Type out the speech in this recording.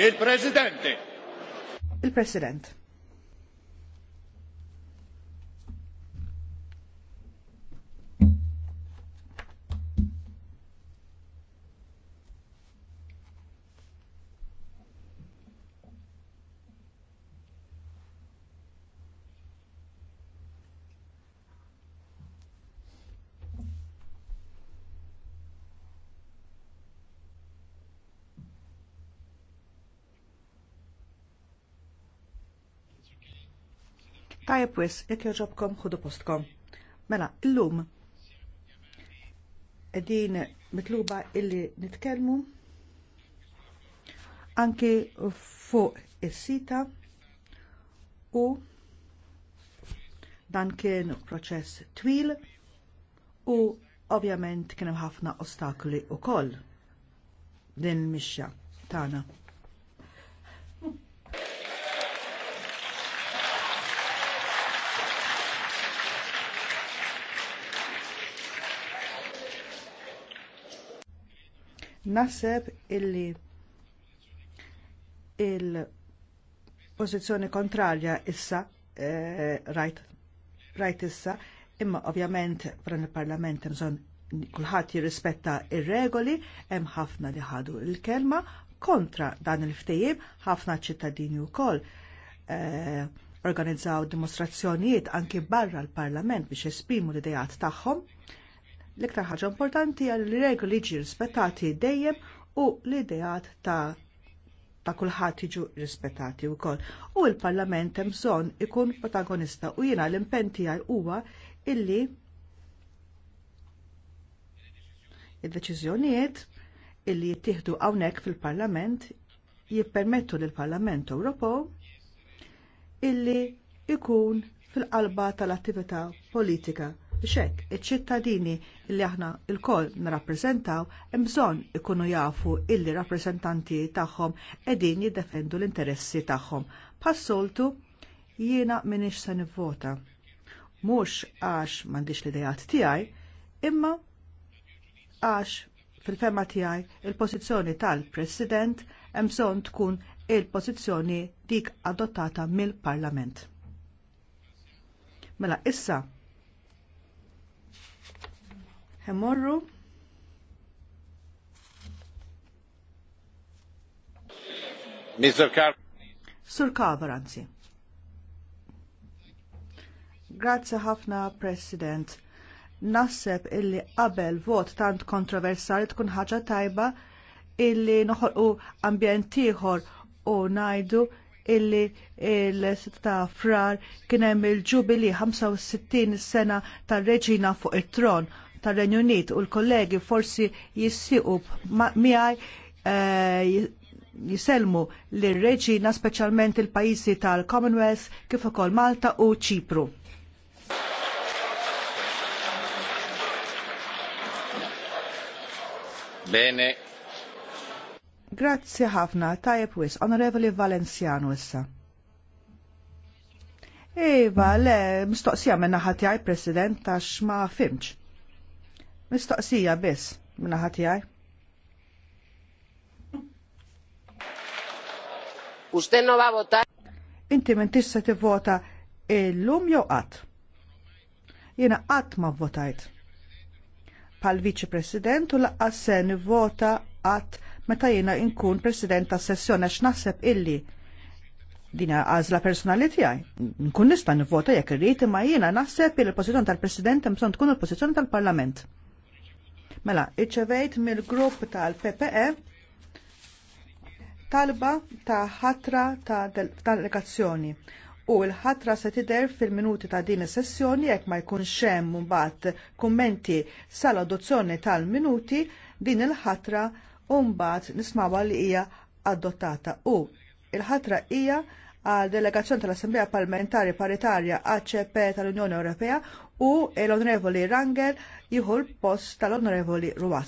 Il-Presidente. Il-President. Tajab wis, jek joġobkom xudu postkom. Mela, illum edin mitluba illi nitkellmu anki fuq is-sita u dan kien proċess twil u ovvjament kien hemm ħafna u wkoll din il-mixja tagħna. Naħseb illi il-pożizzjoni kontrarja issa eh, rajt rajt issa, imma ovvjament fran il-Parlament hemm bżonn kulħadd jirrispetta ir-regoli, hemm ħafna li ħadu l-kelma kontra dan il-ftehim, ħafna ċittadini wkoll eh, organizzaw dimostrazzjonijiet anki barra l-Parlament biex esprimu l-idejat tagħhom L-iktar ħaġa importanti għal li regoli jiġi rispettati dejjem u l-idejat ta' ta' kulħadd jiġu rispettati wkoll. U l-Parlament hemm bżonn ikun protagonista u jiena l-impenn tiegħi huwa illi id-deċiżjonijiet illi jittieħdu hawnhekk fil-Parlament jippermettu lill parlament Ewropew illi ikun fil-qalba tal-attività politika biex hekk iċ-ċittadini li aħna lkoll nirrappreżentaw hemm bżonn ikunu jafu illi rappreżentanti tagħhom qegħdin jiddefendu l-interessi tagħhom. Passoltu jiena minix se nivvota. Mhux għax m'għandix l-idejat tiegħi, imma għax fil-fema tiegħi il-pożizzjoni tal-President hemm bżonn tkun il-pożizzjoni dik adottata mill-Parlament. Mela issa Hemorru. Mr. Car Sur Carver, anzi. Grazie ħafna, President. Nasseb illi qabel vot tant kontroversali tkun ħaġa tajba illi noħolqu ambjent ieħor u ngħidu illi il-6 ta' frar kien hemm il-ġubili 65 sena tar-reġina fuq it-tron tar-Renju Unit u l-kollegi forsi jissiqu miegħi eh, jiselmu l reġina speċjalment il-pajjiżi tal-Commonwealth kif ukoll Malta u Ċipru. Bene. Grazzi ħafna, tajep wis, Onorevoli Valenciano issa. Iva, le, mistoqsija minna ħatijaj, President, tax ma fimċ. Mistoqsija biss minna ħatijaj. Usted no va a votar? Inti minn tista tivvota illum jew qatt. Jiena qatt ma votajt. Pal viċi president u laqqas se nivvota qatt meta jiena nkun president tas sessjoni għax naħseb illi din għażla personali tiegħi. Nkun nista' nivvota jekk irrid imma jiena naħseb il-pożizzjoni tal-President imson bżonn tkun il-pożizzjoni tal-Parlament. Mela, iċċevejt mill-grupp tal-PPE talba ta' ħatra ta' delegazzjoni u l-ħatra se tidher fil-minuti ta' din is-sessjoni jekk ma jkunx hemm mbagħad kummenti sal-adozzjoni tal-minuti din il-ħatra u mbagħad nismawha li hija adottata u l ħatra hija għal delegazzjoni tal-Assemblea Parlamentari Paritarja ACP tal-Unjoni Ewropea u l-Onorevoli Rangel jieħu l-post tal-Onorevoli Ruas.